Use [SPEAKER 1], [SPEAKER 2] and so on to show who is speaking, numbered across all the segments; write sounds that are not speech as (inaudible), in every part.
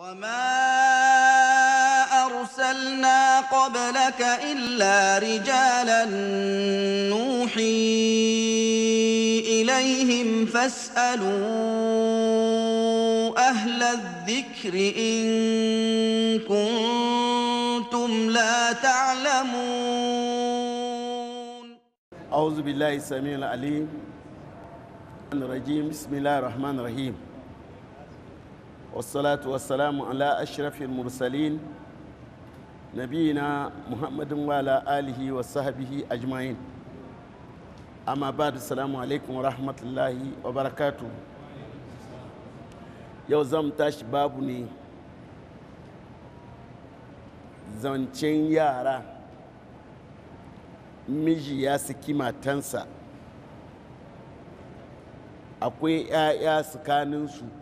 [SPEAKER 1] وما أرسلنا قبلك إلا رجالا نوحي إليهم فاسألوا أهل الذكر إن كنتم لا
[SPEAKER 2] تعلمون أعوذ بالله السميع العليم الرجيم بسم الله الرحمن الرحيم wasalatu wasalamu ala ashirafin mursalin nabi na muhammadin wala alihi wa sahabihi a jima'in amma ba da salamu alaikum rahmatullahi wa barakatu yau zan tashi babu ne zancen yara miji ya saki matansa akwai 'ya'ya tsakaninsu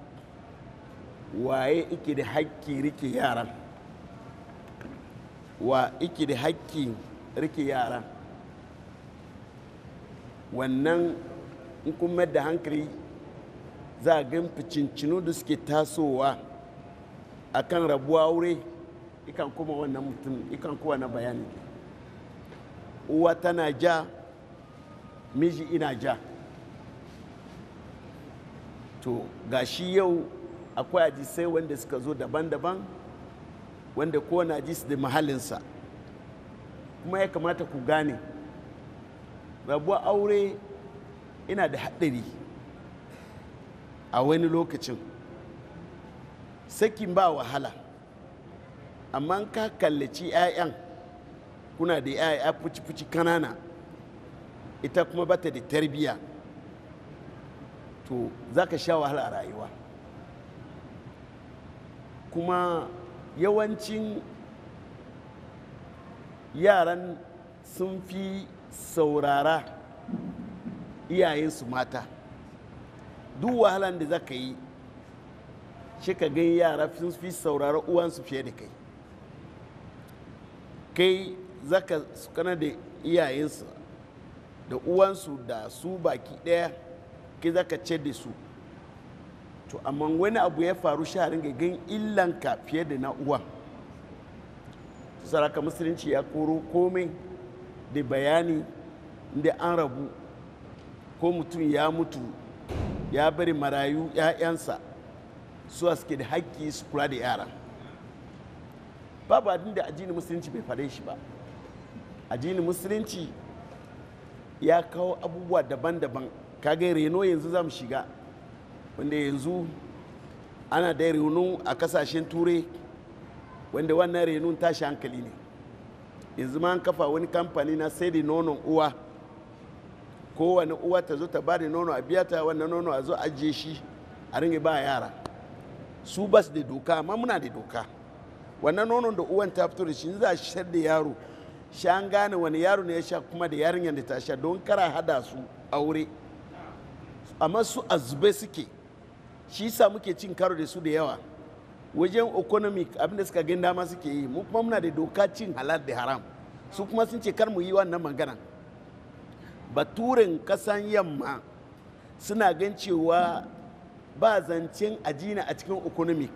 [SPEAKER 2] waye ike da hakki rike yaran wa ike da hakki rike yaran wannan in kuma da hankali za a gan ficincinu da suke tasowa a kan rabuwa wure ikan kuma wannan mutum ikan kuwa na bayani uwa tana ja miji ina ja to gashi yau akwai hadisai wanda suka zo daban-daban wanda kowane hadisi da mahallinsa kuma ya kamata ku gane rabuwa aure ina da haɗari a wani lokacin sakin ba wahala amma ka kallaci 'ya'yan kuna da 'ya'ya fuci-fuci kanana ita kuma bata da tarbiya to za ka sha wahala a rayuwa kuma yawancin yaran sun fi saurara iyayensu mata duk wahalan da za ka yi shi ka gan yara sun fi saurara uwansu fiye da kai kai za ka sukana da iyayensu da uwansu da su baki ɗaya kai za ka ce da su to amma wani abu ya faru sharin gagan gan illanka fiye da na uwan saraka musulunci ya koro komai da bayani da an rabu ko mutum ya mutu ya bari marayu 'ya'yansa su suke da haƙƙi su kula da yaran babu adin da ajini musulunci bai fara shi ba ajini musulunci ya kawo abubuwa daban-daban kaga reno yanzu za mu shiga wanda yanzu ana da renu a kasashen turai wanda wannan renun tashi hankali ne yanzu ma an kafa wani kamfani na sai da nonon uwa kowane uwa ta zo ta ba da nono a biya ta wannan nono a zo ajiye shi a ringa ba yara su ba da doka amma muna da doka wannan nonon da uwan ta fito da shi za a shayar da yaro sha an gane wani yaro ne ya sha kuma da yarinyar da ta sha don kara hada su aure amma su azube suke shi sa muke cin karo da su da yawa wajen economic abinda suka gani dama suke yi mu kuma muna da doka cin halal da haram su kuma sun ce kar mu yi wannan magana baturen kasan yamma suna gan cewa ba zancen ajina a cikin economic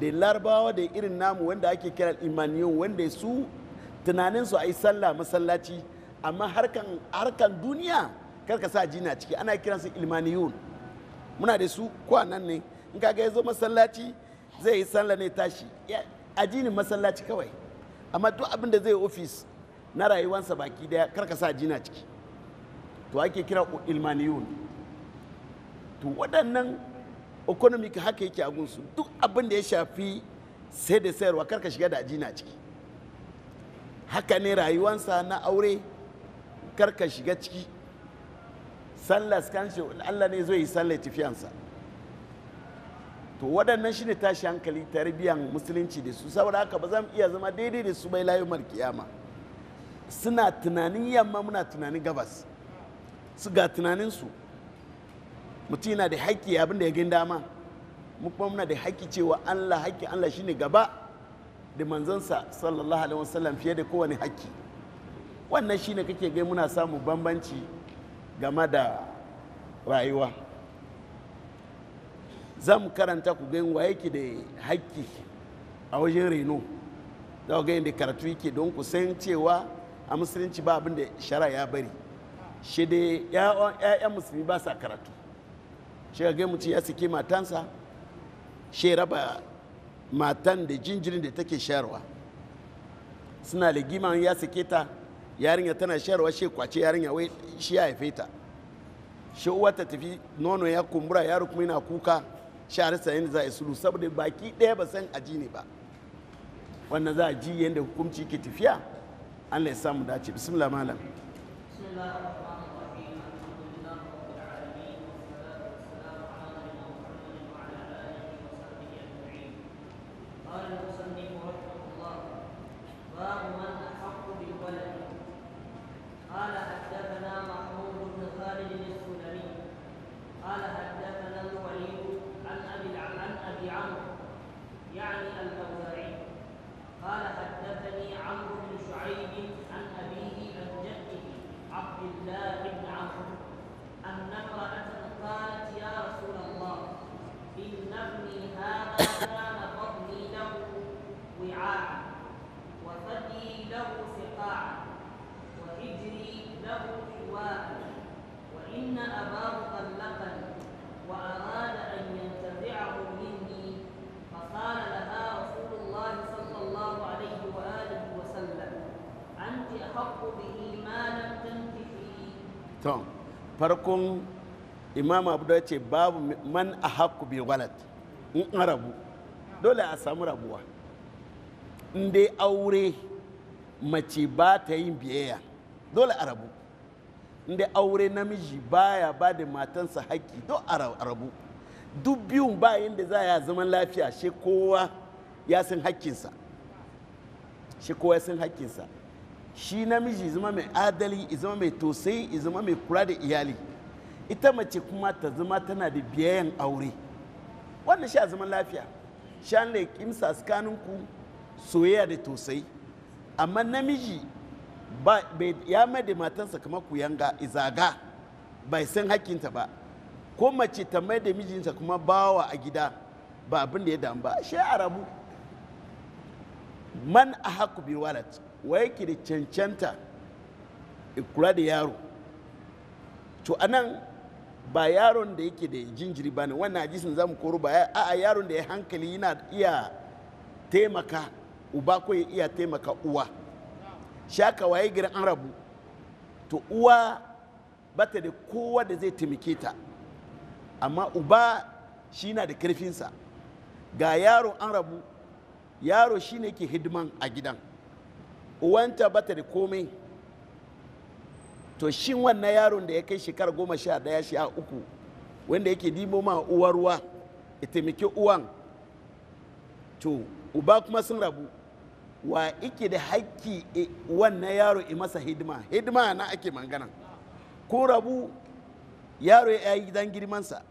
[SPEAKER 2] da larabawa da irin namu wanda ake kira imaniyon wanda su tunaninsu a yi sallah masallaci amma harkan duniya karka sa ajina ciki ana kiransu ilmaniyun muna da su kwanan ne in kaga ya zo masallaci zai yi sallah ne tashi ajinin masallaci kawai amma duk abin da zai ofis na rayuwansa baki daya karka sa ajina ciki to ake kira ilmaniyun to waɗannan economic haka yake agunsu duk abin da ya shafi sai da sayarwa karka shiga da ajina ciki haka ne rayuwansa na aure karka shiga ciki sallah kanshi Allah ne zai yi sallar tafiyansa to waɗannan shi ne tashi hankali tarbiyyar musulunci da su saboda haka ba za mu iya zama daidai da su bai layumar kiyama suna tunanin yamma muna tunanin gabas su ga tunanin su mutum yana da haƙƙi abin da ya gani dama mu kuma muna da haƙƙi cewa Allah haƙƙi Allah shine gaba da manzansa sallallahu alaihi wasallam fiye da kowane haƙƙi wannan shine kake ga muna samun bambanci game da rayuwa zan karanta ku gani wa yake da haƙƙi a wajen reno za ku gani da karatu yake don ku san cewa a musulunci ba abin da shara ya bari shi da ya'yan musulmi ba sa karatu shi ga mutum ya sike matansa shi raba matan da jinjirin da take shayarwa suna da giman ya sake ta yarinya tana shayarwa shi kwace yarinya wai shi ya haife ta shi uwa ta tafi nono ya kumbura yaro kuma yana kuka shi sa yadda za a sulu saboda baki ɗaya ba san aji ne ba wannan za a ji yadda hukunci ke tafiya allah ya samu dace bismillah malam imam abu da ce babu man a haku bil walad in an rabu dole a samu rabuwa in dai aure mace ba ta yin biyayya dole a rabu in dai aure namiji baya ba da matansa haƙƙi don a rabu duk biyun ba yadda za a zaman lafiya shi kowa ya san haƙƙinsa shi kowa ya san haƙƙinsa shi namiji zama mai adali zama mai tosai zama mai kula da iyali ita mace kuma ta zama tana da biyayyan aure wannan sha zaman lafiya sha ne kimsa tsakaninku soyayya da tosai amma namiji ya mai da matansa kamar ku yanga izaga bai san hakinta ba ko mace ta mai da mijinta kuma bawa a gida ba abin da ya damu ba shi a rabu man a haku bi walat wa yake da cancanta kula da yaro to anan ba yaron da yake da jinjiri ba ne wannan hadisin zamu koro ba a yaron da ya hankali yana iya taimaka uba ko ya iya taimaka uwa shaka waye gari an rabu to uwa bata da kowa da zai taimake ta amma uba shi na da karfinsa ga yaro an rabu yaro shi ne ke hidiman a gidan uwanta bata da komai to shin wannan yaron da ya kai shekara goma sha daya sha uku wanda yake dimo ma uwarwa ruwa ya taimaki uwan to uba kuma sun rabu wa ike da haƙƙi wannan yaro i masa hidima hidima na ake mangana ko rabu yaro ya yi gidan girmansa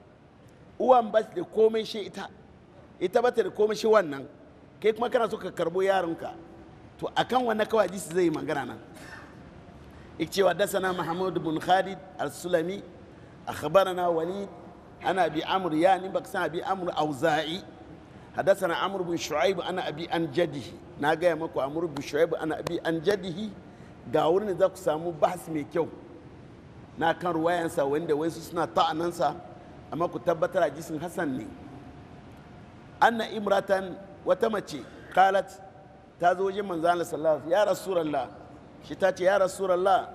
[SPEAKER 2] uwan ba da komai shi ita ita ba ta da komai shi wannan kai kuma kana so ka karbo yaronka to akan wannan kawai jisi zai yi magana nan يكتي ودسنا محمود بن خالد السلمي أخبرنا وليد أنا أبي عمرو يعني بقسنا أبي عمرو أوزاعي حدثنا عمرو بن شعيب أنا أبي أن جده ناقا مكو عمرو بن شعيب أنا أبي أن جده قاورن ذاك سامو بحث ميكيو na kan ruwayansa wanda wasu suna ta'anansa amma ku tabbatar hadisin hassan ne anna imratan wata mace kalat ta zo wajen manzo Allah sallallahu alaihi ya rasulullah shi ta ce ya rasulallah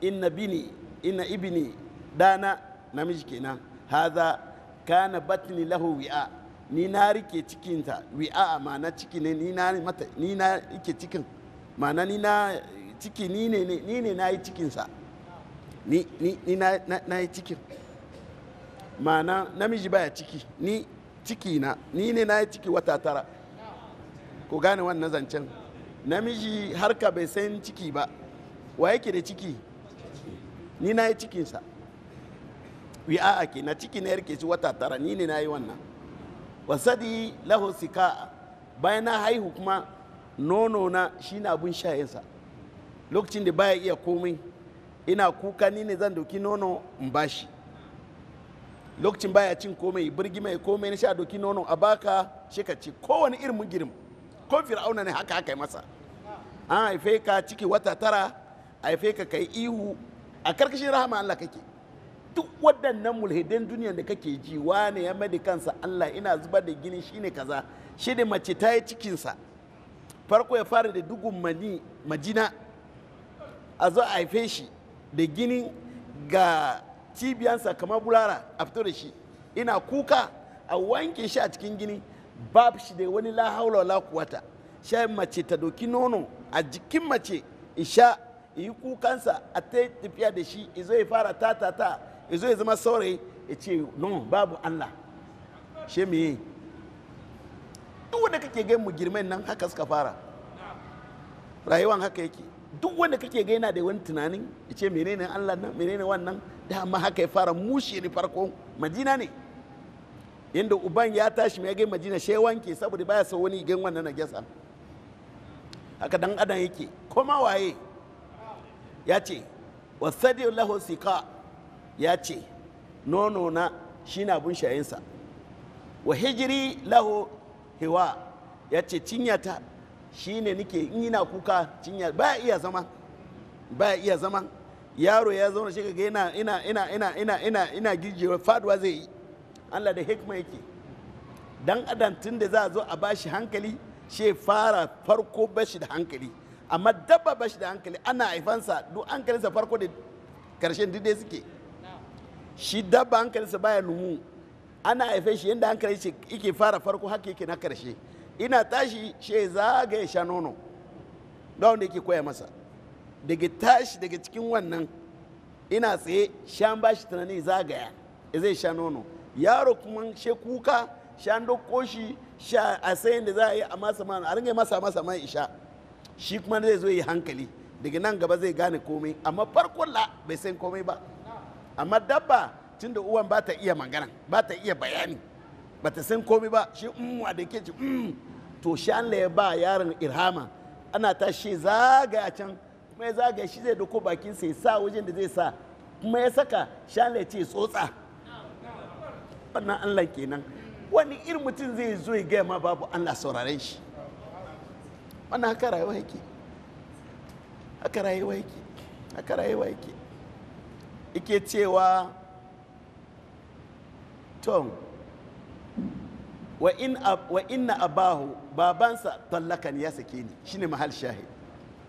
[SPEAKER 2] inna bini inna ibini dana namiji kenan haza kana batni lahu wi'a ni na rike cikinta wi'a ma'ana ciki ne ni na mata ni na rike cikin ma'ana ni na ciki ni ne ni ne na yi cikinsa ni ni na na yi cikin ma'ana namiji baya ciki ni ciki na ni ne na yi ciki wata tara ku gane wannan zancen namiji harka bai san ciki ba wa yake da ciki ni na yi cikinsa a ke na ciki na yarke shi wata tara ni ne na yi wannan wasadi lahu sika bayan na haihu kuma nono na shi na abun sha'insa lokacin da baya iya komai ina kuka ni ne zan doki nono in bashi lokacin baya cin komai birgi mai komai na sha doki nono a baka shi ka ci kowane irin ko fir'auna ne haka aka yi masa an haife ka ciki wata tara haife ka kai ihu a karkashin rahama Allah kake duk waɗannan mulhidin duniya da kake ji wane ya mada kansa Allah ina zubar da gini shine kaza shi ne mace ta yi cikinsa farko ya fara da dugun mani majina a zo a haife shi da gini ga cibiyansa kamar bulara a fito da shi ina kuka a wanke shi a cikin gini ba shi da wani la haula la kuwata shayin mace ta doki nono a jikin mace isha yi kukansa a ta tafiya da shi izo ya fara ta ta ta izo ya zama saurayi ya ce no babu Allah she mu yi duk wanda kake gai mu girman nan haka suka fara rayuwan haka yake duk wanda kake gai na da wani tunanin ya ce menene Allah nan menene wannan dama haka ya fara mushi ne farko madina ne inda uban ya tashi mai gai majina shi wanke saboda baya sa wani gan wannan gesa haka dan adam yake koma waye ya ce wasadi lahu sika ya ce nono na shi na abun shayinsa wa hijiri lahu ya ce cinyata shi ne nike in kuka cinya ba iya zama ba iya zama yaro ya zauna shi ga ina ina ina ina ina ina ina faduwa zai yi Allah da hikma yake dan adam tun da za a zo a bashi hankali shi fara farko bashi da hankali amma dabba bashi da hankali ana haifansa duk hankalinsa farko da karshen dide suke shi dabba hankalinsa baya numu ana haife shi yadda hankali yake fara farko haka yake na karshe ina tashi shi ya sha nono da wanda yake koya masa daga tashi daga cikin wannan ina tsaye shan bashi tunani zagaya zai sha nono yaro kuma she kuka sha dokko shi sha a sayin da za a yi a masa ma a ringa masa masa ma isha shi kuma zai zo yi hankali daga nan gaba zai gane komai amma farkon la bai san komai ba amma dabba tun da uwan ba ta iya magana ba ta iya bayani ba ta san komai ba shi umma da ke ci mm. to shi an ya ba yaron irhama ana ta shi zagaya can kuma ya zagaya shi zai doko bakin sai sa wajen da zai sa kuma ya saka shi an laye ce tsotsa fannin Allah kenan wani irin mutum zai zo ya gaya ma babu Allah sauraren shi wannan haka rayuwa yake haka rayuwa yake haka rayuwa yake yake cewa tom wa inna abahu babansa tallakan ya sake ni shine mahal shahi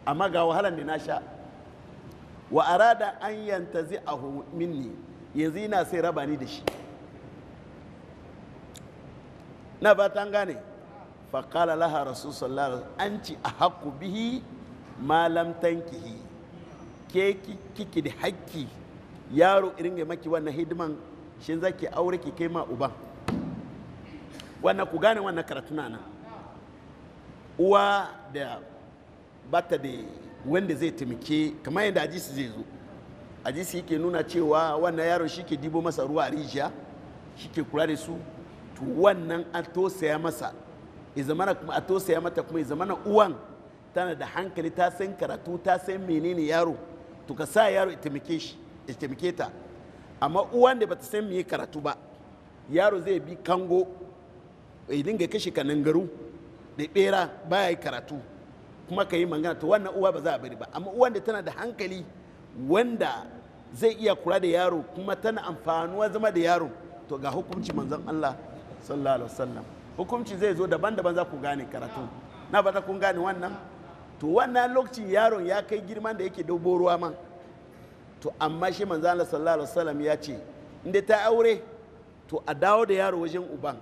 [SPEAKER 2] amma ga wahalar da na sha wa arada an yanta zai yantazi minni yanzu yana sai raba ni da shi na ba ta gane faƙala laha rasu sallallahu an ci a haku bihi malam tankihi ke kiki da haƙƙi yaro irin ga maki wannan hidiman shi zaki aure ki kai ma uban wannan ku gane wannan karatuna nan uwa da bata da wanda zai taimake kamar yadda ajisi zai zo ajisi yake nuna cewa wannan yaro shi ke dibo masa ruwa a rijiya shi ke kula da su to wannan an tosaya masa izamana kuma a tosaya mata kuma izamana uwan tana da hankali ta san karatu ta san menene yaro to ka sa yaro ya taimake ta amma uwan da bata san me karatu ba yaro zai bi kango ya dinga kashe garu da bera baya yi karatu kuma ka yi magana to wannan uwa ba za a bari ba amma uwan da tana da hankali wanda zai iya kula da yaro kuma tana amfanuwa zama da yaro to ga hukunci manzon Allah sallallahu sallam hukunci zai zo daban-daban za ku gane karatu na ba ta kun gane wannan to wannan lokacin yaron ya kai girman da yake dubo ruwa man to amma shi manzo Allah sallallahu alaihi wasallam ya ce inda ta aure to a dawo da yaro wajen uban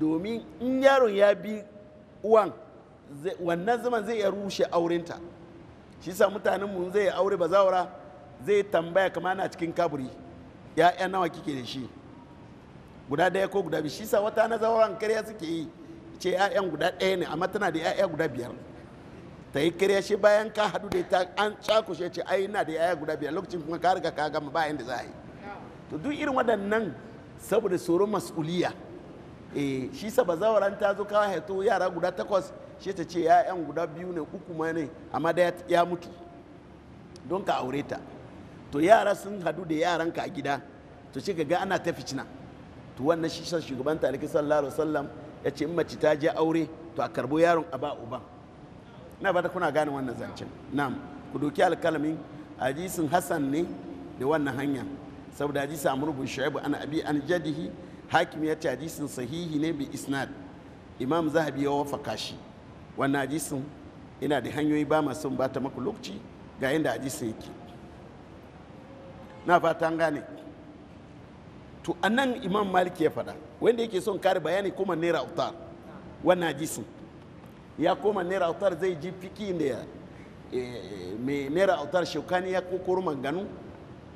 [SPEAKER 2] domin in yaron ya bi uwan wannan zaman zai iya rushe aurenta shi sa mutanen mu zai aure bazawara zai tambaya kamar na cikin kaburi ya'ya nawa kike da shi guda daya ko guda biyu shi sa wata na zauren karya suke yi ce 'ya'yan guda ɗaya ne amma tana da 'ya'ya guda biyar ta yi karya shi bayan ka hadu da ta an cakushe ce ai na da 'ya'ya guda biyar lokacin kuma ka riga ka gama ba yanda za a yi to duk irin waɗannan saboda tsoron mas'uliya eh shi sa ba zauren ta zo kawai haito yara guda takwas shi ta ce 'ya'yan guda biyu ne uku ma ne amma da ya mutu don ka aure ta to yara sun hadu da ka a gida to shi ga ana ta ficina to wannan shi san shugaban taliki sallallahu alaihi wasallam ya ce mace ta je aure to a karbo yaron a ba uban na ba ta kuna gane wannan zancen na'am ku doki alkalamin hadisin hasan ne da wannan hanya saboda hadisi amru bin shu'aib an abi an jadihi hakim ya ce hadisin sahihi ne bi isnad imam zahabi ya wafaka shi wannan hadisin ina da hanyoyi ba masu ba ta maku lokaci ga yadda hadisin yake na fatan gane to anan imam malik ya faɗa wanda yake son kare bayani kuma naira autar wani hadisin ya koma naira autar zai ji fiki da ya eh, mai naira autar shaukani ya kokoro manganu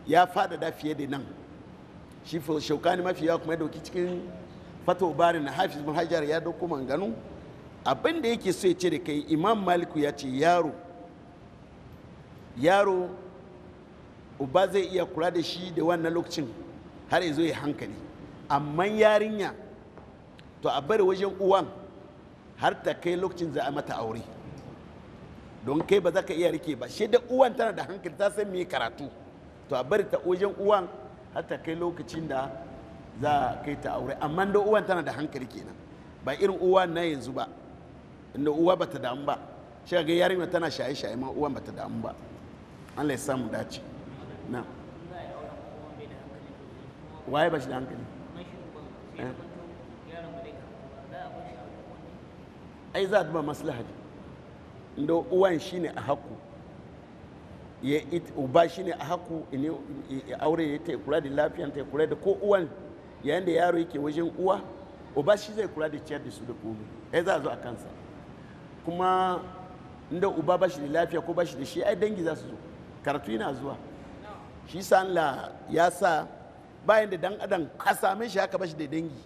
[SPEAKER 2] ya faɗaɗa fiye da nan shi shaukani mafi yawa kuma dauki cikin fata bari na hafiz bin hajar ya dauko manganu abin da yake so ya ce da kai imam maliku ya ce yaro yaro uba zai iya kula da shi da wannan lokacin har ya zo ya hankali amma yarinya to a bari wajen uwan har ta kai lokacin za a mata aure don kai ba za ka iya rike ba shi da uwan tana da hankali ta san me karatu to a bari ta wajen uwan har ta kai lokacin da za a kai ta aure amma da uwan tana da hankali kenan ba irin uwa na yanzu ba inda uwa ba ta damu ba shi ga yarinya tana shaye-shaye ma uwan ba ta damu ba Allah ya samu dace na'am waye ba shi da hankali ai za a duba maslaha inda uwan shi ne a haku ya uba shi ne a haku ya aure ya ta kula da lafiyan ta kula da ko uwan yayin da yaro yake wajen uwa uba shi zai kula da ciyar da su da komai ai za a zo a kansa kuma inda uba ba shi da lafiya ko ba shi da shi ai dangi za su zo karatu yana zuwa shi sa la ya sa bayan da dan adam a same shi haka bashi da dangi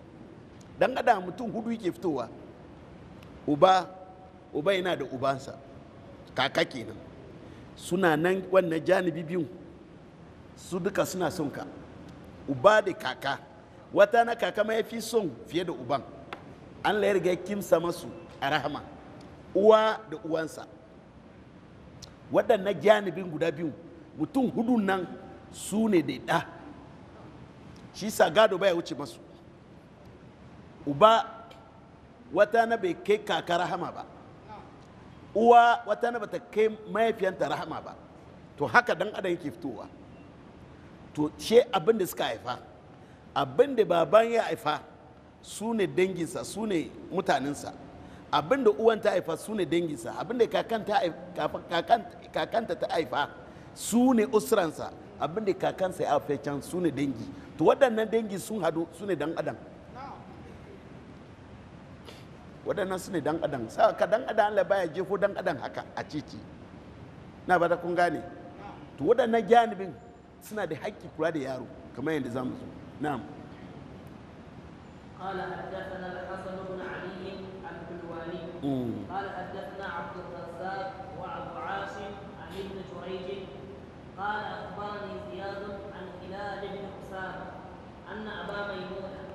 [SPEAKER 2] dan adam mutum hudu yake fitowa uba uba yana da ubansa kaka kenan suna nan wannan janibi biyu su duka suna son ka uba da kaka wata na kaka ma ya fi son fiye da uban an ya kimsa masu a rahama uwa da uwansa waɗannan janibin guda biyu mutum hudu nan su ne da ɗa shi sa gado baya wuce masu uba wata na bai kai kaka rahama ba uwa wata na bata kai mahaifiyanta rahama ba to haka dan adam yake fitowa to ce abin da suka haifa abin da baban ya haifa su ne danginsa su ne mutanensa abin da uwan ta haifa su ne danginsa abin da kakanta ta haifa su ne usransa abin da kakansa ya haife can su ne dangi to waɗannan dangi sun hadu su ne dan adam waɗannan su ne dan adam sa ka dan adam Allah baya jefo dan adam haka a titi na ba kun gane to waɗannan janibin suna da haƙƙi kula da yaro kamar yadda zamu zo na'am
[SPEAKER 1] قال حدثنا الحسن بن علي الحلواني قال حدثنا عبد الرزاق وعبد عاصم عن ابن جريج قال اخبرني زياد عن هلال بن الكفار أن أبا ميمونة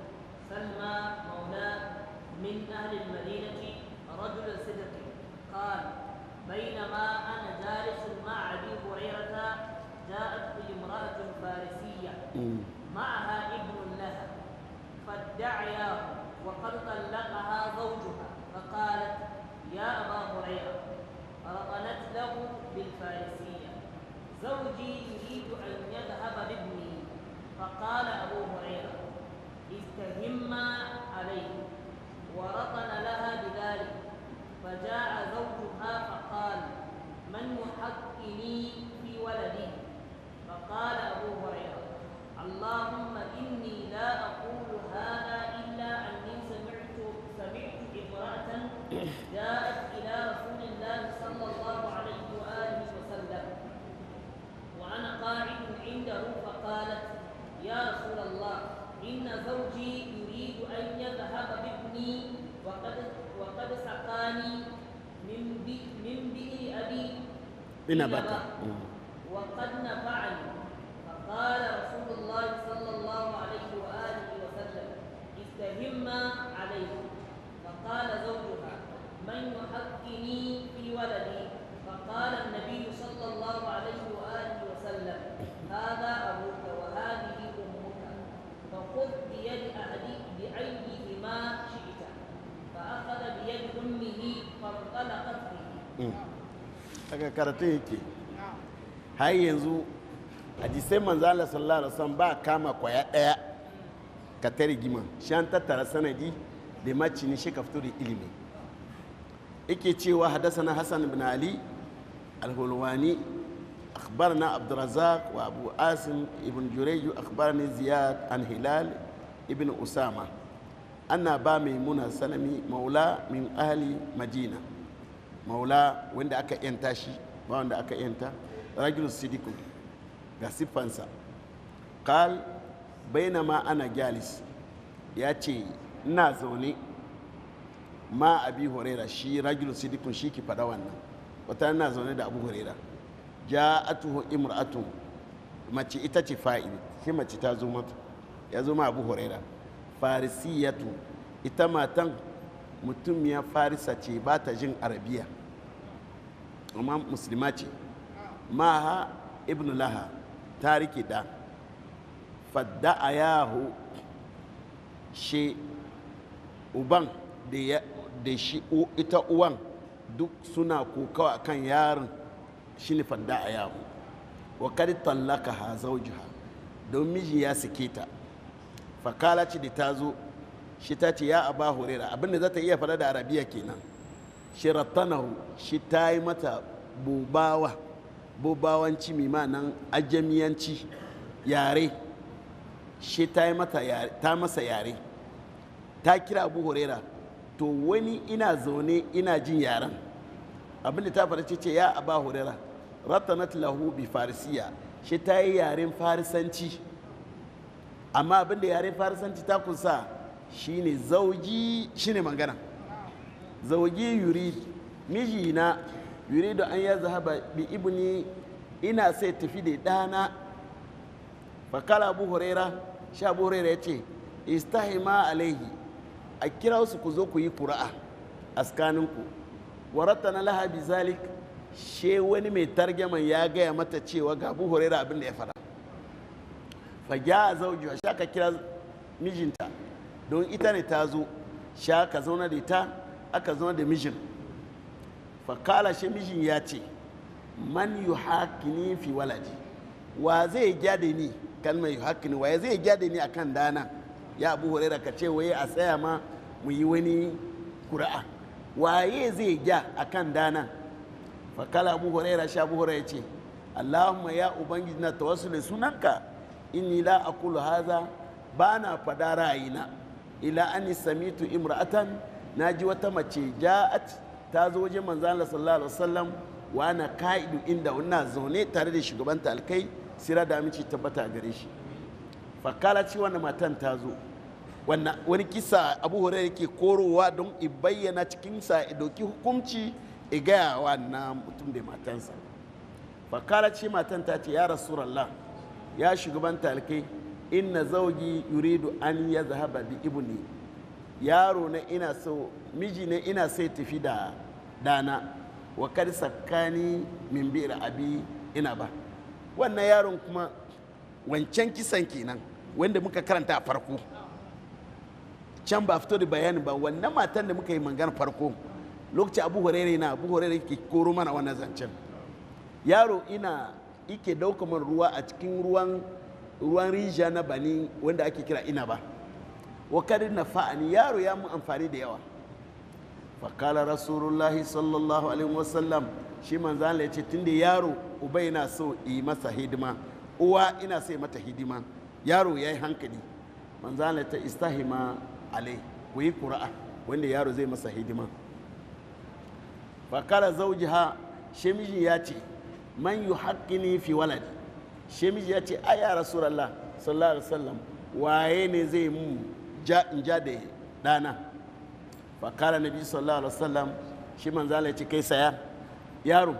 [SPEAKER 2] Bina karatun yake har yanzu a jisai manzala sallallahu alaihi ba kama kwaya daya ka ta rigima shan tattara sanadi da maci ne shekaf turi ilimi ike cewa hadasana hassan ibn ali alhulwani akhbarna abdurazak wa abu asim ibn jureju akhbarna ziyad an hilal ibn usama ana ba mai muna sanami maula min ahli madina maula wanda aka yanta shi ba wanda aka yanta rajul sidiku ga siffansa kal ma ana gyalis ya ce ina zaune ma abi horera shi rajul sidikun shi ki faɗa wannan wata ina zaune da abu horera ja atuhu imra'atun mace ita ce fa'il shi mace ta zo mata ya zo ma abu horera farisiyatu ita matan mutum ya farisa ce ba ta jin arabiya amma musulma ce maha ibn laha ta rike da fadda a yahu shi uban da shi ita uwan duk suna kokawa kan yaron shi ne fadda a yahu wa kadi tallaka ha zaujiha don miji ya sike ta fakala ce da ta zo shi ta ce ya aba hurera abinda za ta iya fada da arabiya kenan shi rattanahu shi ta yi mata bubawa bubawanci mimanan ajamiyanci yare shi ta yi mata ta masa yare ta kira abu hurera to wani ina zaune ina jin yaren abinda ta fara ce ya aba hurera rattanat lahu bi farisiya shi ta yi yaren farisanci amma abinda yaren farisanci ta kusa shine zauji shine magana zauji yurid mijina yuridu an ya zahaba bi ibni ina sai tafi da dana fakala abu huraira sha abu huraira ya ce istahima alaihi a kira su ku zo ku yi kura'a a tsakaninku warata na lahabi zalik she wani mai targaman ya gaya mata cewa ga abu huraira abin da ya fara fagiya a zauji sha ka kira mijinta don ita ne ta zo sha ka zauna da ita aka zauna da mijin fakala shi mijin ya ce man yu hakini fi waladi wa zai gyade ni kalmar yu hakini wa zai gyade ni akan dana ya abu hurera ka ce waye a tsaya ma mu yi wani kura'a waye zai gya akan dana fakala abu hurera sha abu ya ce allahumma ya ubangiji na tawassul sunanka inni la aqulu haza bana fada ra'ayina ila an samitu imra'atan na ji wata mace ja'at ta zo waje manzo Allah sallallahu alaihi wasallam wa ana ka'idu inda wannan zaune tare da shugaban alkai sira da aminci tabbata a gare shi kala ce wannan matan ta zo wani kisa abu hore yake korowa don i bayyana cikinsa i doki hukunci i gaya wa na mutum da matansa kala ce matan ta ce ya rasulallah ya shugaban alkai inna zaugi yuridu an ya zahaba bi ibni yaro na ina so miji na ina sai tafi da dana wa kar sakkani min bir abi ina ba wannan yaron kuma wancan kisan kenan wanda muka karanta a farko can ba fito da bayani ba wannan matan da muka yi mangan farko lokaci abu horere na abu horere ke koro mana wannan zancen yaro ina ike daukamar ruwa a cikin ruwan ruwan rija na bani wanda ake kira ina ba wa kadin na fa'ani yaro ya mu amfani da yawa fakala rasulullahi sallallahu alaihi wasallam shi manzan ya ce tunda yaro uba yana so yi masa hidima uwa ina so mata hidima yaro ya yi hankali manzan ta istahima alai ku yi kura'a wanda yaro zai masa hidima fakala zaujiha shemiji ya ce man yi fi waladi shemiji ya ce ayya ya sallallahu alaihi wasallam waye ne zai mu ja in ja da dana fa kala nabi sallallahu alaihi wasallam shi manzo Allah ya ce kai saya yaro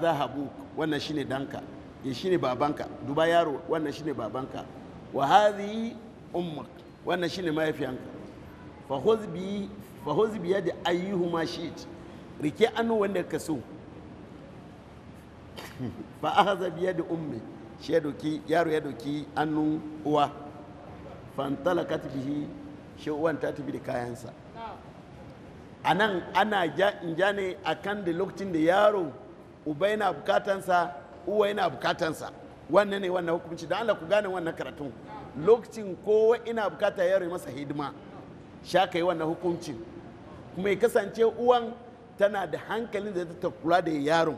[SPEAKER 2] za habuk wannan shine danka ya e, shine babanka duba yaro wannan shine babanka wa hadhi ummak wannan shine mahaifiyanka fa khudh bi fa ayyuhu ma yadi ayyuhuma rike anu wanda ka so (laughs) fa akhadha bi yadi ummi shi ya doki yaro ya doki annun uwa fantala ka bihi shi uwan ta tafi da kayansa a nan ana ja ne a kan da lokacin da yaro uba yana bukatansa uwa yana bukatansa wannan ne wannan hukunci da Allah ku gane wannan karatun lokacin kowa ina bukata yaro masa hidima sha ka yi wannan hukuncin kuma ya kasance uwan tana da hankalin da ta kula da yaron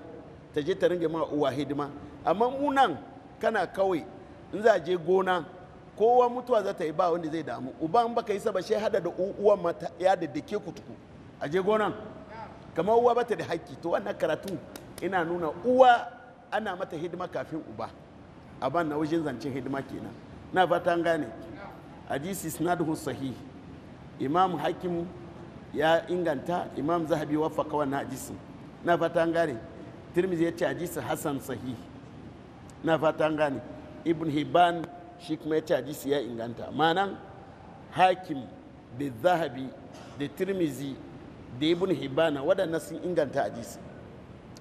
[SPEAKER 2] ta je ta ringa ma uwa hidima amma mu nan kana kawai in za je gona kowa mutuwa za ta yi ba wanda zai damu uban baka yi saba shi hada da uwan mata ya da dake ku a je gonan kamar uwa bata da haƙƙi to wannan karatu ina nuna uwa ana mata hidima kafin uba a ban na wajen zancen hidima kenan na fata an gane hadisi sinaduhu sahih imam hakim ya inganta imam zahabi wafaka na hadisi na fata an gane tirmizi ya ce hadisi hasan sahih na fatan gane ibn hibban shi kuma ya ce hadisi ya inganta manan hakim da zahabi da tirmizi da ibn hibana waɗannan sun inganta hadisi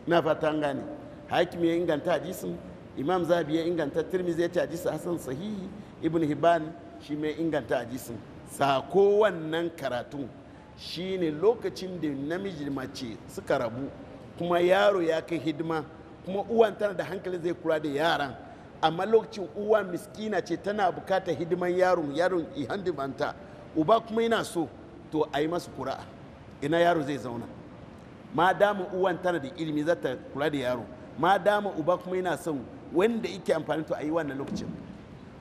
[SPEAKER 2] na fatan gane hakim ya inganta hadisin imam zahabi ya inganta tirmizi ya ce hadisi hasan sahihi ibn hibban shi mai inganta hadisin sako wannan karatu shine lokacin da namiji mace suka rabu kuma yaro ya kai hidima kuma uwan tana da hankali zai kula da yaran amma lokacin uwa miskina ce tana bukata hidiman yaron yaron handimanta uba kuma yana so to a yi masu kura ina yaro zai zauna ma dama uwan tana da ilimi za ta kula da yaro ma dama uba kuma yana son wanda yake amfani to a yi wannan lokacin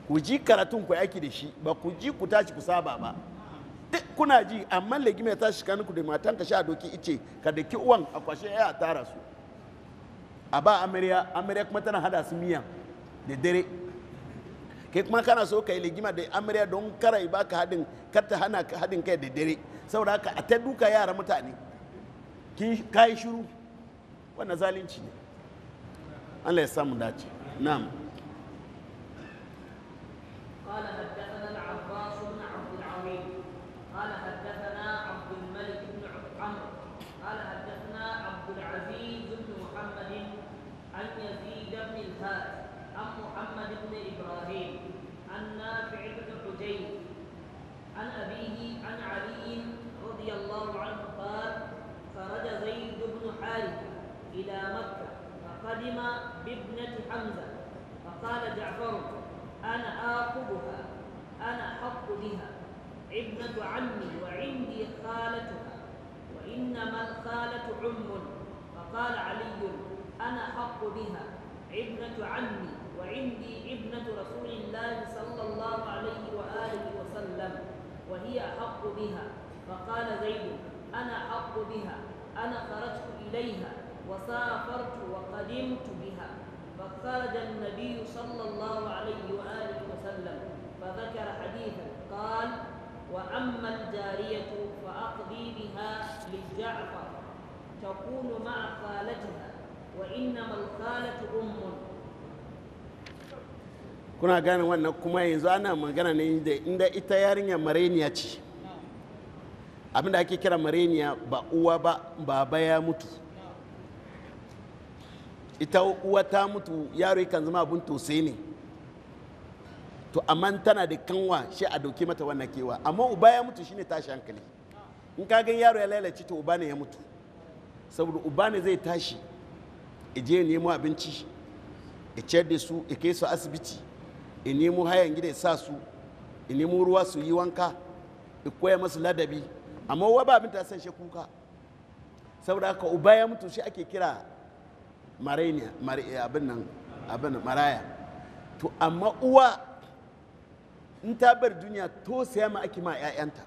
[SPEAKER 2] ku ji karatun ku yaki da shi ba ku ji ku tashi ku saba ba duk kuna ji amma legime ta shi ku da matan ka sha doki ice ka daki uwan a kwashe ya tara su a ba amarya amarya kuma tana hada su miya da dare kai kuma kana so ka yi ligima da amarya don kara ba ka hadin karta hana ka hadin kai da dare saboda haka a ta duka yara mutane kin kai shiru wannan zalunci ne Allah ya samu dace na'am
[SPEAKER 1] قال أخذها أنا أحق بها ابنة عمي وعندي خالتها وإنما الخالة عم فقال علي أنا حق بها ابنة عمي وعندي ابنة رسول الله صلى الله عليه وآله وسلم وهي أحق بها فقال زيد أنا حق بها أنا خرجت إليها وسافرت وقدمت بها فخرج النبي صلى الله عليه وآله فذكر حديثا قال وأما الجارية فأقضي بها لجعفر تكون مع خالتها وإنما الخالة أم
[SPEAKER 2] kuna gane wannan kuma yanzu ana magana ne inda ita yarinya mareniya ce abinda ake kira mareniya ba uwa ba baba ya mutu ita uwa ta mutu yaro kan zama abin tosai ne to amma tana da kanwa shi a dauke mata wannan kewa amma uba ya mutu shine tashi hankali in ka gan yaro ya lalace to uba ne ya mutu saboda uba ne zai tashi je ije nemo abinci ya ciyar da su ya kai su asibiti ya nemo hayan gida ya sa su ya nemo ruwa su yi wanka ya koya masu ladabi amma uwa ba abin ta san shi kuka saboda haka uba ya mutu shi ake kira marainiya abin nan abin maraya to amma uwa in ta bar duniya to sai ma ake ma 'ya'yanta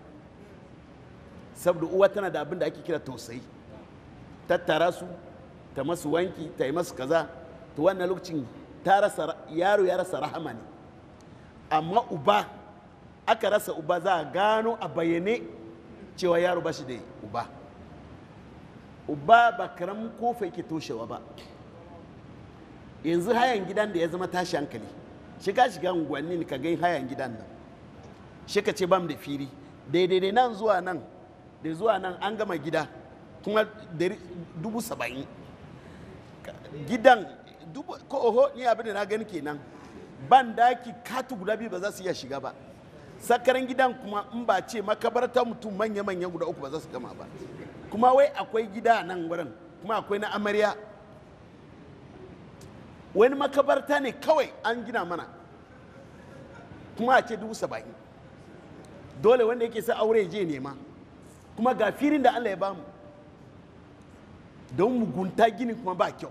[SPEAKER 2] saboda uwa tana da abin da ake kira tausayi tattara su ta masu wanki ta yi masu kaza to wannan lokacin yaro ya rasa rahama ne amma uba aka rasa uba za a gano a bayyane cewa yaro ba shi da uba uba ba karamin kofa yake toshewa ba yanzu hayan gidan da ya zama tashi hankali shiga shiga unguwanni ka gai hayan gidan nan shi ka ce bam da fili daidai nan zuwa nan da zuwa nan an gama gida kuma dubu saba'in gidan dubu ko oho ni abin da na gani kenan ban daki katu guda biyu ba za su iya shiga ba sakarin gidan kuma in ba ce makabarta mutum manya-manya guda uku ba za su gama ba kuma wai akwai gida nan wurin kuma akwai na amarya wani makabarta ne kawai an gina mana kuma a ce dubu saba'in dole wanda yake sa aure je nema kuma ga firin da allah ya bamu don mugunta gini kuma ba kyau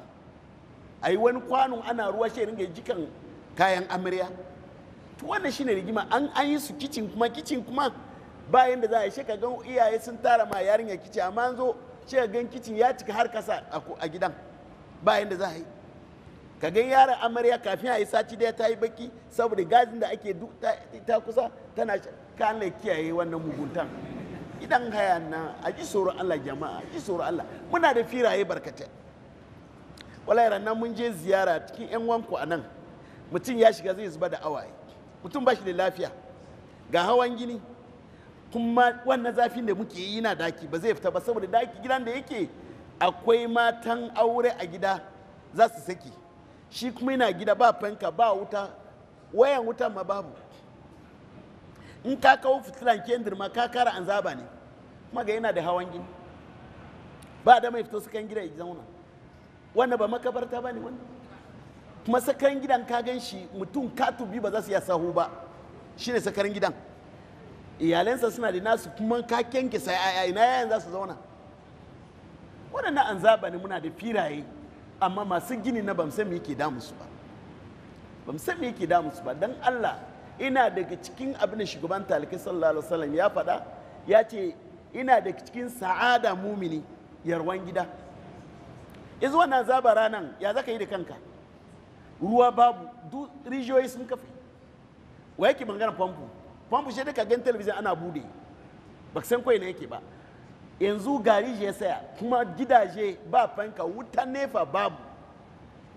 [SPEAKER 2] a yi wani kwanon ana ruwa shi ringa jikan kayan amarya to wannan shine rigima an an yi su kicin kuma kicin kuma bayan da za a yi shaka gan iyaye sun tara ma yarinya kici amma an zo shaka gan kicin ya cika har kasa a gidan bayan da za a yi ka gan yaran amarya kafin a yi sati daya ta yi baki saboda gadin da ake ta kusa tana kala kiyaye wannan muguntan idan haya na a ji tsoron Allah jama'a a ji tsoron Allah muna da firaye barkatai wallahi ranar mun je ziyara cikin yan wanku a nan mutum ya shiga zai zuba da awaye mutum ba shi da lafiya ga hawan gini kuma wannan zafin da muke yi na daki ba zai fita ba saboda daki gidan da yake akwai matan aure a gida za su saki shi kuma yana gida ba fanka ba wuta wayan wuta ma babu in ka kawo fitilan kendir ma ka kara an zaba ne kuma ga yana da hawan gini ba da mai fito sakan gida ya zauna wanda ba makabarta ba ne wanda kuma sakan gidan ka gan shi mutum tubi ba za su iya sahu ba shine sakarin gidan iyalensa suna da nasu kuma ka kyanke sai a ina yayan za su zauna waɗannan an zaba ne muna da firaye amma masu gini na bamsa san ke damusu ba bamsa san ke damusu ba don Allah ina daga cikin abin da shugaban talikai sallallahu alaihi wasallam ya faɗa ya ce ina daga cikin sa'ada mumini yarwan gida yanzu wannan zaba ranan ya zaka yi da kanka ruwa babu du rijiyoyi sun kafe wa yake bangaren famfo famfo shi da ka gan talabijin ana bude ba san kawai na yake ba yanzu gari ya saya kuma gidaje ba fanka wutan nefa babu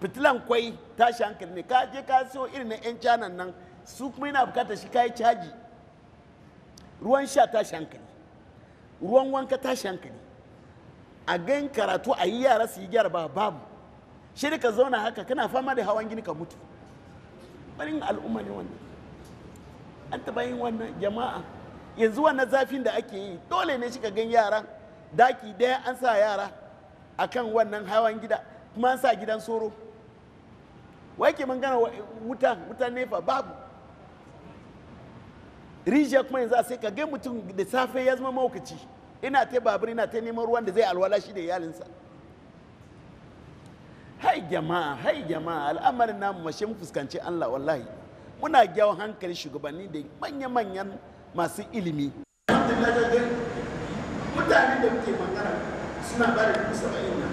[SPEAKER 2] fitilan kwai tashi hankali ne ka je ka so irin na 'yan canan nan su kuma yana bukatar shi kayi caji ruwan sha tashi hankali ruwan wanka tashi hankali a gan karatu a yi yara su yi gyara ba babu shi ka zauna haka kana fama da hawan gini ka mutu barin al'umma ne wannan an taɓa yin wannan jama'a yanzu wannan zafin da ake yi dole ne shi ka gan yaran daki daya an sa yara akan wannan hawan gida kuma an sa gidan soro wai ke gana wutan wutan nefa babu rijiya kuma yanzu a sai ka ga mutum da safe ya zama maukaci ina ta babur ina ta neman ruwan da zai alwala shi da iyalinsa hai jama'a hai jama'a al'amarin namu mu fuskanci allah wallahi muna gyawon hankali shugabanni da manya-manyan masu ilimi mutane da muke magana suna ba da dubu saba'in nan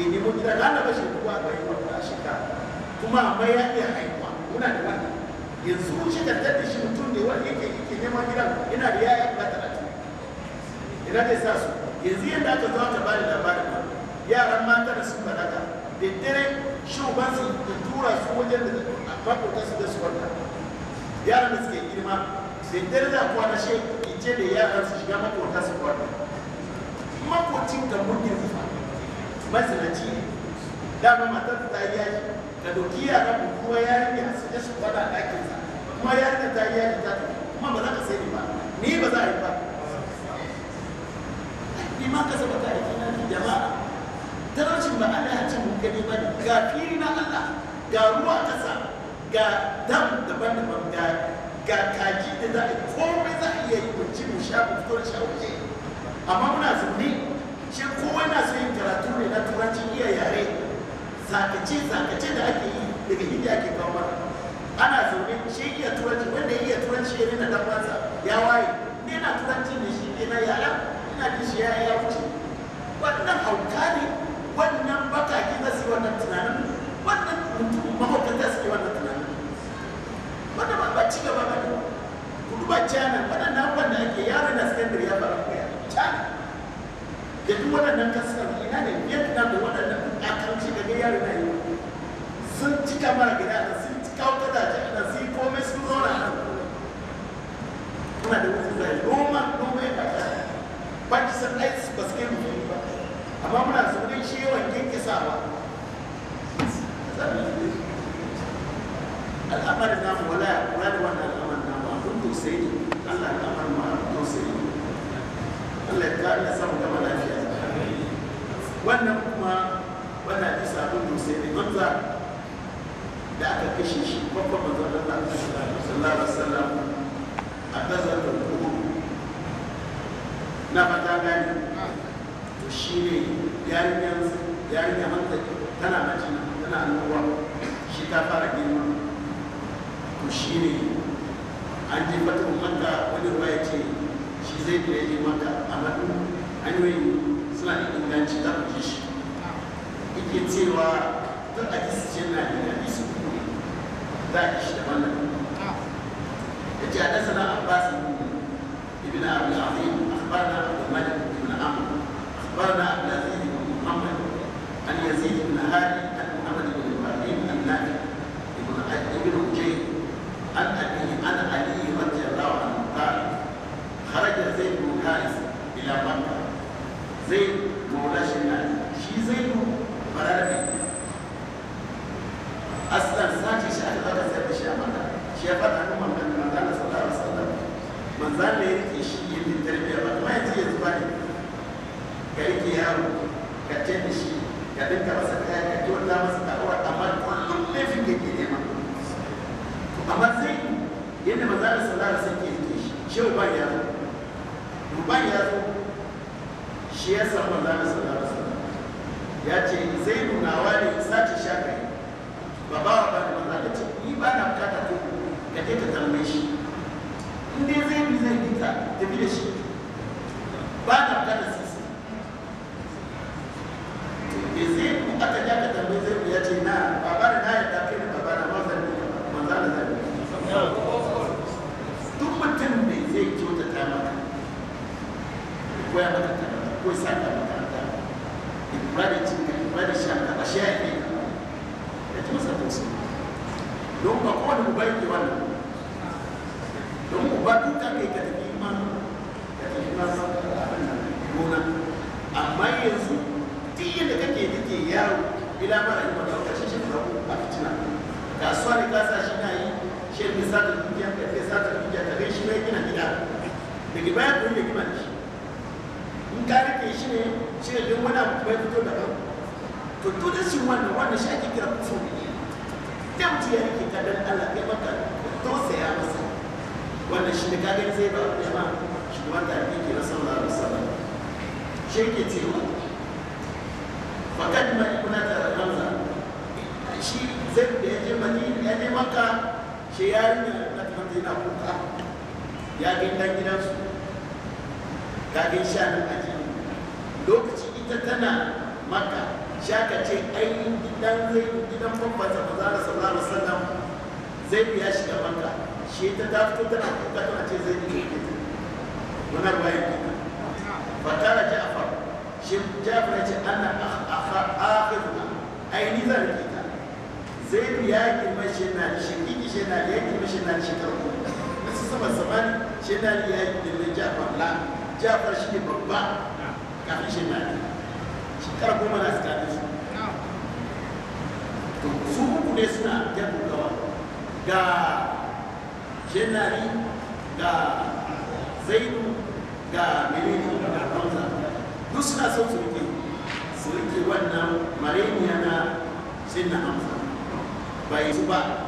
[SPEAKER 2] e nemo gida gana ba shekaru a gari wanda a shekara kuma amma ya iya haihuwa muna da wannan yanzu shekarar da shi mutum ne wanda yake yake neman gida yana da yaya guda talatin ina zai sa su yanzu yadda aka zo aka bada labarin ba yaran mata da sun balaga da dare shugaban su da tura su wajen da makwabta su da su wanda yaran da suke girma daddare za kuwa na shek ice da yaran su shiga makota su kwana makocin ga mugin zufa mazinaci ne dama matar ta yi yaki da doki yara ku kuma yarin ya su je su kwana a ɗakinsa kuma yarin ta yi yaki ta kuma ba za ka sai ni ba ni ba za a yi ba ni ma ka saba ta aiki na jama'a talaucin ba a ana hacin gani ba ne ga fili na Allah ga ruwa kasa ga dam daban-daban ga ga kaji da za a komai za a iya yi mu mu sha mu fito da sha amma muna zaune shi kowa yana so yin karatu ne na turanci iya yare zakace zakace da ake yi daga inda ake kawo mana ana zaune shi iya turanci wanda iya turanci ya nuna dan wasa ya waye ne na turanci ne shi ne na yara ina ji shi ya ya wuce wannan hauka ne wannan bakaki za basi yi wannan tunanin wannan mutum mahaukata suke wannan wannan ba ba ci gaba ba ne ku duba china waɗannan abubuwan da ake yaro na sakandare ya fara koya cana. da duk waɗannan kasar ina ne vietnam da waɗannan a kan ci daga yaro na yi sun cika mara gida da sun cika wata dace da sun yi komai sun zauna a nan kuna da wuce zai noma noma ya kasa ba ki san su ba su kai mutum ba amma muna saurin shi yawan kyankyasawa Thank you. al'amarin namu wala ya kura da wannan al'amarin namu abin tausayi ne Allah ya kamar mu abin tausayi ne Allah ya da gama lafiya wannan kuma wannan isa abin tausayi ne don za da aka kashe shi babban manzon Allah sallallahu alaihi wasallam a tazar da kuma na fata gani to shi ne yarinyar hankali tana majina tana annoba shi ta fara girma to shi ne an je fatan mata wani ruwa ya ce shi zai da ya je mata a matu hanyoyin suna da inganci za ku ji shi ike cewa duk a kisi na da hadisi za a shi da wannan ya ce a ɗansa na abbas na abu azim akhbarna abu malik ibn amr akhbarna abu aziz ibn muhammad an yazid na hari shi ya faɗa min manzan da manzan da sallallahu alaihi manzan da ya rike shi ya bin tarbiyya ba kuma yanzu ya ba ne ka rike yaro ka tafi shi ka dinka masa kaya ka kyauta masa ta'uwa amma kullum laifin da ke nema amma sai yadda manzan da sallallahu alaihi wasallam ke rike shi shi ba ya zo ba ya zo shi ya san manzan da sallallahu alaihi ya ce zai nunawa ne sace shakai ba ba wa ba da manzan da ce ni ba na bukata ko da ke ta shi in dai zai bi zai bi ta tafi da shi ba ta fita da sisi da zai ku aka ja ka zai ku ya ce na baba na yarda kai da ba zai duk mutum ne zai kyautata maka maka ko maka shi ya yi ne ka masa don ba kowane bai ke wannan su uku suna suna taimakawa ga jenari ga zainu ga menene ga hamza duk suna son su rike su rike wannan mareniya na sinna hamza bai su ba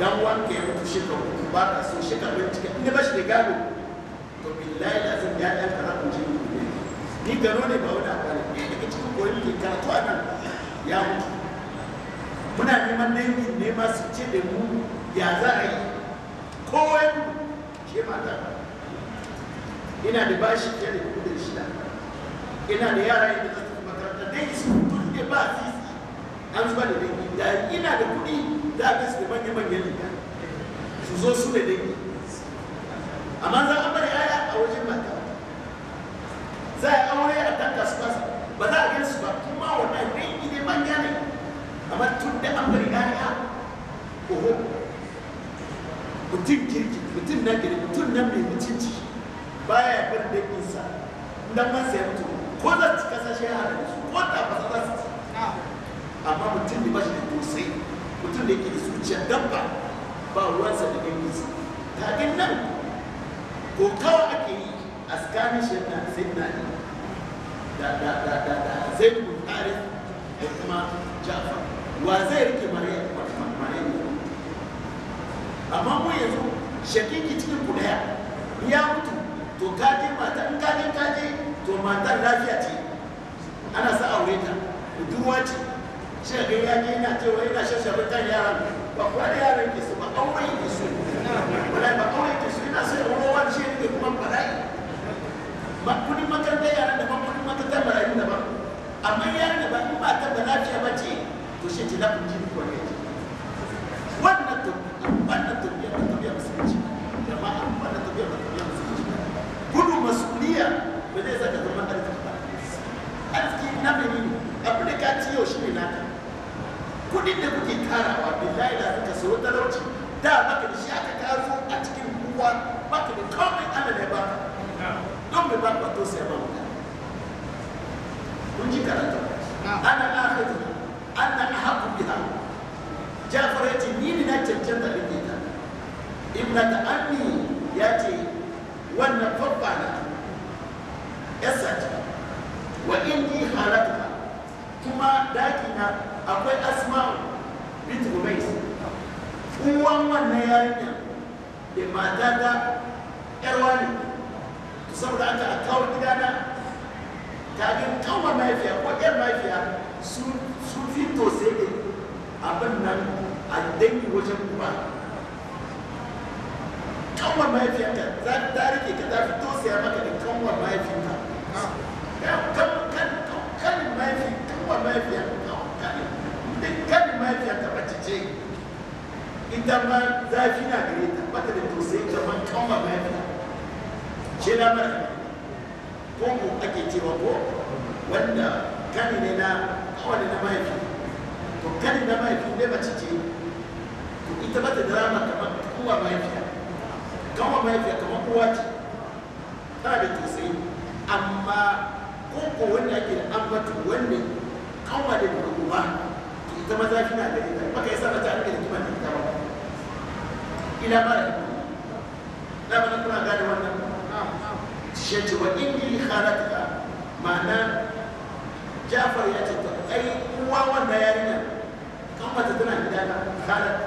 [SPEAKER 2] dan wanke ya mutu shekaru ba ka so shekaru cika inda ba shi da gado to billahi da zan ya ɗan karatun jini ne ni gano ne ba wani abu ne daga cikin koyon ke karatu a nan ya muna neman dangin ne masu su ce da mu ya za a yi kowai ya ke mata ina da bashi ke da dubu da shida ina da yara yi da su makaranta dai su kudu da ba sisi an zuba da dangi da ina da kudi za a su da manya-manyan riga su zo su da dangi amma za a bari yaya a wajen mata za a aure a tanka su ba za a gan su ba kuma wannan dai manya ne amma tun da an bari gani a oho mutum kirki mutum na gari mutum na mai mutunci baya bar da kinsa dan man sai mutum ko za ta kasa shi ya su ko da ba za su amma mutum da ba shi da tosai mutum da yake da zuciyar dabba ba ruwansa da ganginsa ta gin nan ko kawo ake yi a tsakanin shi na zai na da da da da da zai mun da kuma ja'far wa zai rike mariya mariya amma ko yanzu shakiki cikin ku daya ya mutu to kaje mata in kaje kaje to matar lafiya ce ana sa aure ta budurwa ce shi ga ya ke yana cewa yana shashabar kan yaran ba kuwa da yaran ke su ba kawai ke su wala ba kawai ke su yana so ya wuro wani shi ne kuma bala'i ba kudin makarantar yaran da ba kudin makarantar bala'i da ba amma yana riga ba in ba ta ba lafiya ba ce to shi ji lafin jini ko ne general pompo ake cewa ko wanda kani ne na kowane na mahaifi to kani na mahaifi ne mace ce to ita ba ta drama kamar uwa mahaifiya kama mahaifiya kamar uwa ce tana da tausayi amma ko ko wanda ake da ambatu wanda kanwa da uba to ita maza kina da ita baka yasa mata an kima kuma da ita ba ila mara na ba kuna gane wannan shi ce wa inni kharatuha ma'ana Ja'far ya ce ai uwa wannan yarinya kan mata tana gida na kharat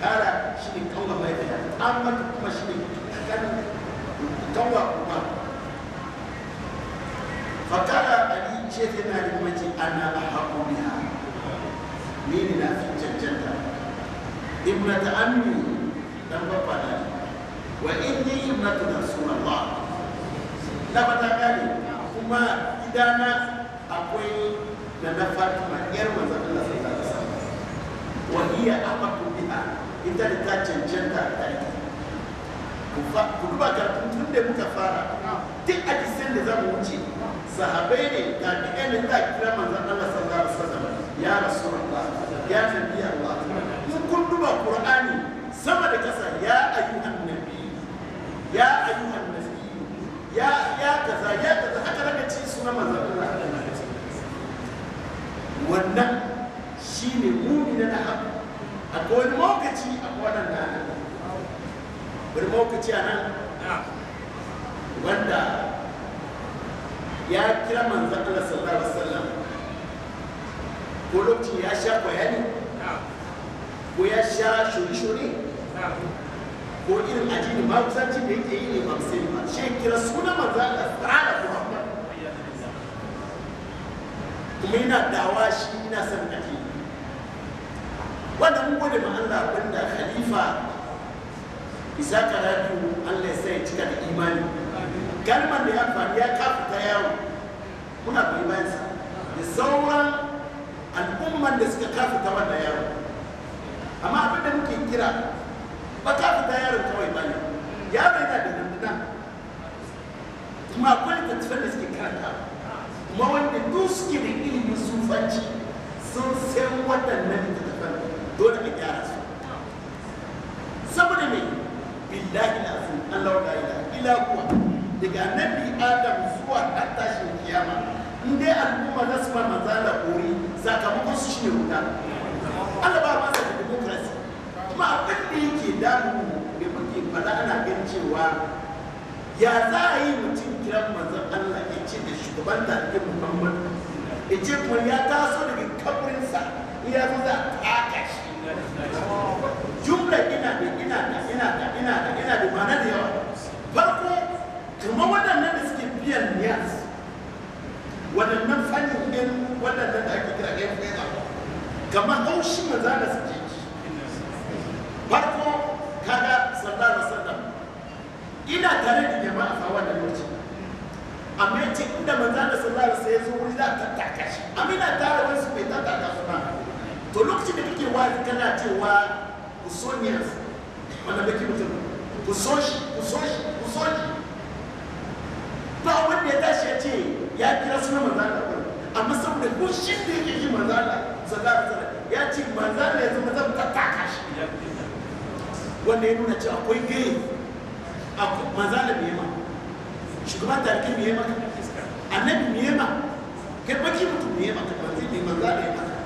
[SPEAKER 2] khara shi ne kauna mai da amma kuma shi ne kan kawa kuma fa fakara ali ce ta na da mace ana a haƙoƙiya ni ne na fi cancanta ibnata ammi dan babba na wa inni ibnatu rasulullah na fata gane kuma idana akwai da na fatima yar manzan Allah sai ta kasa wa iya amatu biha ita da ta cancanta da ita ku duba karfin tun da muka fara duk hadisin da za mu wuce sahabai ne ta ɗaya da ta kira manzan Allah sallallahu alaihi wasallam ya rasulullah ya nabi Allah kun duba qur'ani sama da kasa ya ayyuhan nabi ya ya ya kaza ya kaza haka daga ci suna manzon Allah wannan shine mu'mina na haƙu akwai wani lokaci akwai da ana wani lokaci a nan wanda ya kira manzon Allah sallallahu alaihi wasallam ko lokaci ya sha bayani ko ya sha shuri-shuri ko irin addini ba kusanci da yake yi ne ba sai ba shi kira suna manzo Allah tsara Muhammad kuma yana dawa shi yana son ake wanda mun gode ma Allah wanda khalifa isa karatu Allah ya sai cika da imani kalmar da ya faru ya ta yawo muna bayan sa da sauran al'umman da suka ta wannan yawo amma abin da muke kira ba ka fita yaron kawai ba ne yaro yana da dandana kuma akwai littattafan da suke karanta kuma wanda duk suke da ilimin sufanci sun san waɗannan littattafan dole a gyara su saboda me billahi na sun Allah la ila ila kuwa daga annabi adam zuwa har tashin kiyama in dai al'umma za su ba manzala kori sakamakon su shi ne wuta Allah ba masa kuma abin da yake damu da muke faɗa ana gan cewa ya za a yi mutum kiran manzon Allah ya ce da shugaban da ake Muhammad ya ce kuma ya taso daga kabrinsa ya zo za a taka shi jumla ina da ina da ina da ina da ina da ma'ana da yawa farko kamar waɗannan da suke biyan niyas waɗannan fannin ɗin waɗannan da ake kira ɗaya kamar haushi maza da suke ina tare da jama'a a wannan da amma ya ce inda manzo da sallara sai ya zo wuri za ta taka shi amma ina tare da su bai taka su ba to lokacin da kake wani kana cewa ku so ne wanda baki mutum ku so shi ku so shi ku so shi ba wanda ya tashi ya ce ya kira sunan manzo Allah amma saboda ko shi da yake yi manzo da sallara alaihi ya ce manzo da ya zama zan ta taka shi wanda ya nuna cewa akwai gaye manzala me yema shugaban tarihi me yema annabi me yema kai baki mutum me yema ka banzi ne manzala ya maka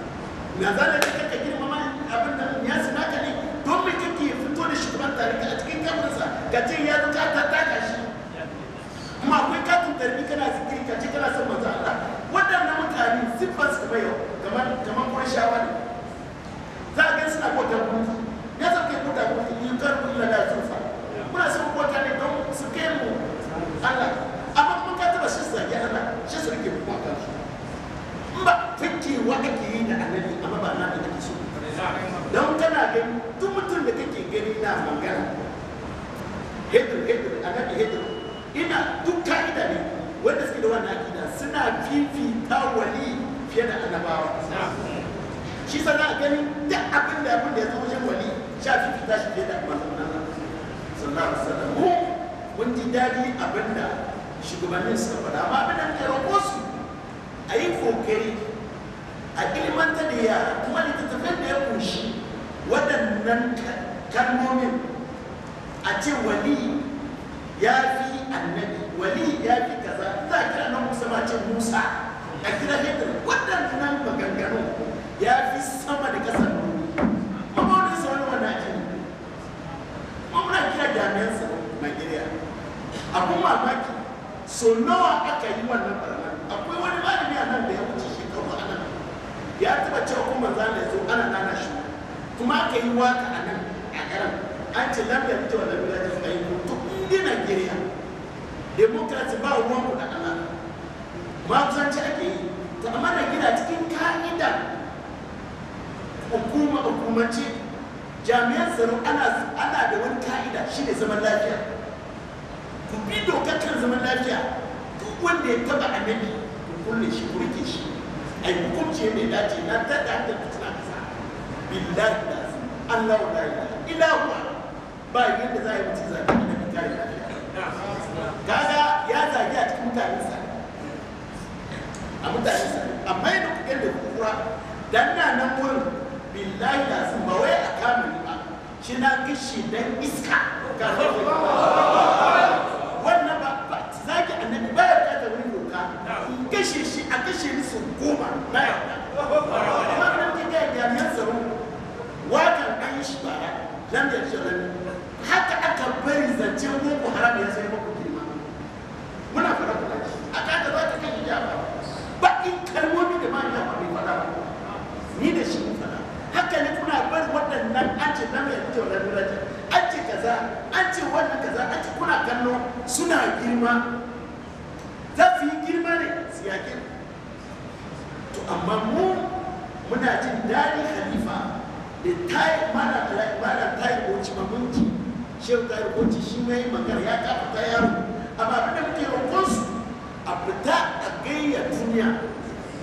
[SPEAKER 1] manzala ne kake
[SPEAKER 2] girmama abin da ya sinaka ne don me kake fito da shugaban tarihi a cikin kamarsa ka ce ya ta taka shi kuma akwai katin tarihi kana zikiri ka ce kana son manzo Allah waɗannan mutane siffar su kamar yau kamar kamar kurshawa ne za a ga suna bautar mutu ya zaka yi bautar mutu in kan kullu la tufa muna son kwanta ne don su kai mu Allah amma kuma ka taba shi zage Allah shi su rike kuma kan shi in ba fakewa ake yi da annabi amma ba na da kake so don kana gani duk mutum da kake gani na magana hedur hedur annabi hedur ina duk ka'ida ne wanda suke da wannan akida suna fifita wali fiye da annabawa shi sana gani duk abin da abin da ya zo wajen wali sha fifita shi fiye da manzon sallallahu alaihi wasallam mu mun ji dadi abinda shugabannin suka faɗa amma abin da muke roƙo su a yi kokari a ilmanta da yara kuma littattafan da ya kunshi waɗannan kalmomin a ce wali ya fi annabi wali ya fi kaza za a kira nan musa ba ce musa a kira hidir waɗannan maganganu ya fi sama da kasar mutanensa nigeria abun mamaki so nawa aka yi wannan barna akwai wani malami a nan da ya wuce shekaru a nan ya taba cewa kuma za ne zo ana nana shi kuma aka yi waka a nan a garin an ce lafiya ta wa lafiya ta fi aiko to indi nigeria democracy ba ruwan ku da ala makusanci ake yi ta amma na gida cikin ka'ida hukuma hukumance jami'an tsaro ana da wani ka'ida shi ne zaman lafiya ku bi dokar kan zaman lafiya duk wanda ya taba annabi ku kulle shi ku rike shi ai hukunci da ce na tada da fitina kasa billahi da Allah la ilaha illa yi ba yadda za a yi mutum zaki annabi kare lafiya kaga ya zagi a cikin mutanen sa a mutanen sa amma yadda kuɗin da kura dan na nan wurin billahi da sun ba wai a kamili ba shi na kishi dan iska wannan ba zaki annabi ba ya ta wani doka in shi a kashe ni sun goma ba ya amma nan ke ga jami'an tsaro wakan an yi shi bara ran da shi ran haka aka bari zancen boko haram ya sai muku girma muna fara kula a kaka ba ta kan yi jama'a baƙin kalmomi da ma jama'a bai faɗa ba ni da shi haka ne kuna bar waɗannan an ce na mai fito na duraji an ce kaza an ce wannan kaza an ce kuna kallo suna girma za su yi girma ne su yaƙi to amma mu muna jin daɗin halifa da tayi mana mana tayi koci mamunci shehu tayi koci shi mai magana ya kafa ta yaro amma abin da muke roƙon su a fita a gayyar duniya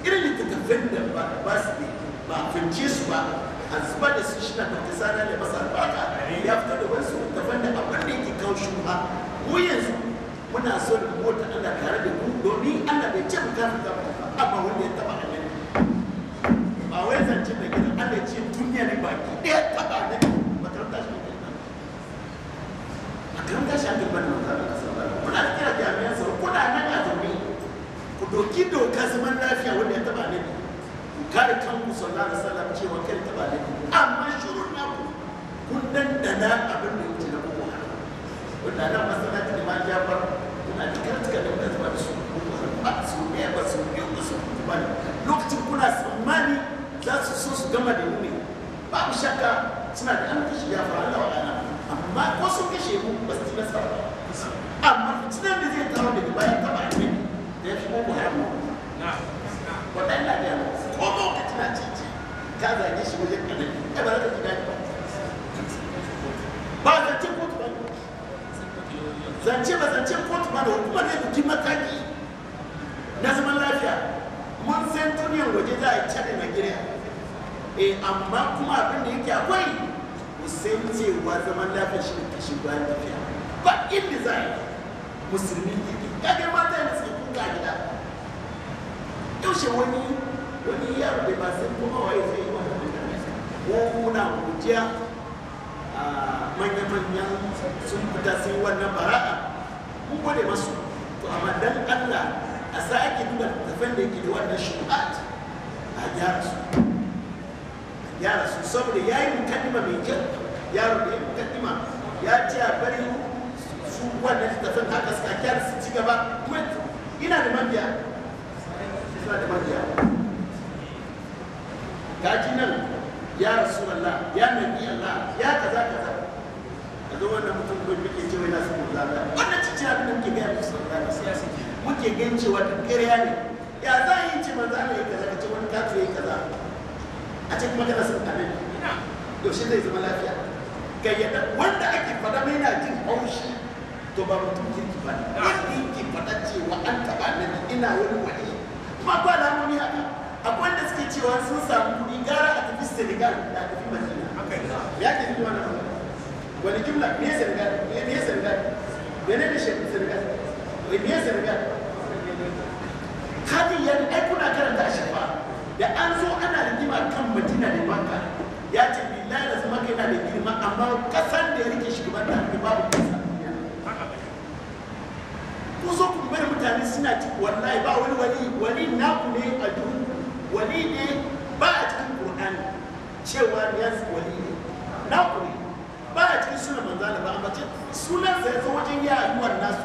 [SPEAKER 2] irin littattafan da ba su ne ba a fince su ba a zuba da su shina ba ta sana da masa albaka ya fito da wasu daban da abin da yake kawo shuha ko yanzu muna son mota ana tare da ku domin ana bai ce mu kafin ta amma wanda ya taba annabi ba wai zance da gidan Allah ce duniya ne baki ɗaya taba annabi makaranta shi ne makaranta shi ake bani makaranta kuna kira jami'an tsaro kuna nan a zaune ku doki doka zaman lafiya wanda ya taba annabi har kan ku sallallahu alaihi cewa kai ta bale amma shurun na ku kun dan dana abin da yake na boko haram wanda nan masallaci ne ma ya bar kuna da zuwa ba su ne ba su ne su lokacin kuna tsammani za su so su gama da mu ne babu shakka suna da an ya fara Allah amma ko sun mu ba su ba amma fitinan da zai daga bayan taba ne da ya fi boko haram ka zage shi wajen annabi ba ba ba zancen kotu ba zance ba zancen kotu ba da hukumar ne mataki na zaman lafiya mun san duniyar waje za a yi cari na eh, amma kuma abin da yake akwai mu san cewa zaman lafiya shi ne kashin bayan lafiya ba inda za a yi musulmi ne ya ga mata yana sai gida yaushe wani wani yaro da ba sai kuma waye zai ko muna godiya a manya-manyan sun fita sun wannan bara'a mun gode masu to amma dan Allah a sake duba tafan da yake da wannan shu'at a gyara su a gyara su saboda ya yi mukaddima mai kyau yaro da ya mukaddima ya ce a bari su wannan tafan haka suka kyara su ci gaba kuma ina da mabiya suna da mabiya gaji nan ya Allah ya nabi allah ya kaza kaza kaga wannan mutum ko muke cewa yana son zalla wannan cikin abin da muke ga musu zalla siyasa muke gan cewa duk ƙarya ne ya za yi ce manzo Allah ya kaza kace wani kato ya kaza a cikin magana sun to shi zai zama lafiya ga yadda wanda ake fada mai na jin haushi to ba mutum kirki ba ne wanda yake faɗa cewa an taba nan ina wani wani kuma ba na muni haka akwai da suke cewa sun samu kuɗi gara a tafi senegal da a tafi madina ya ke fi na abu wani jumla ne senegal ne senegal mene ne senegal ne senegal kafin yan ai kuna karanta a shafa da an zo ana rigima kan madina da maka ya ce billahi da kai na da girma amma kasan da ya rike shugaban da babu kasa ku zo ku mutane suna ci wallahi ba wani wali wali naku ne a duniya wali ne ba a cikin qur'ani cewa riyaz wali ne na ƙuri ba a cikin suna manzana ba amma sunan zai zo wajen yaduwar nasu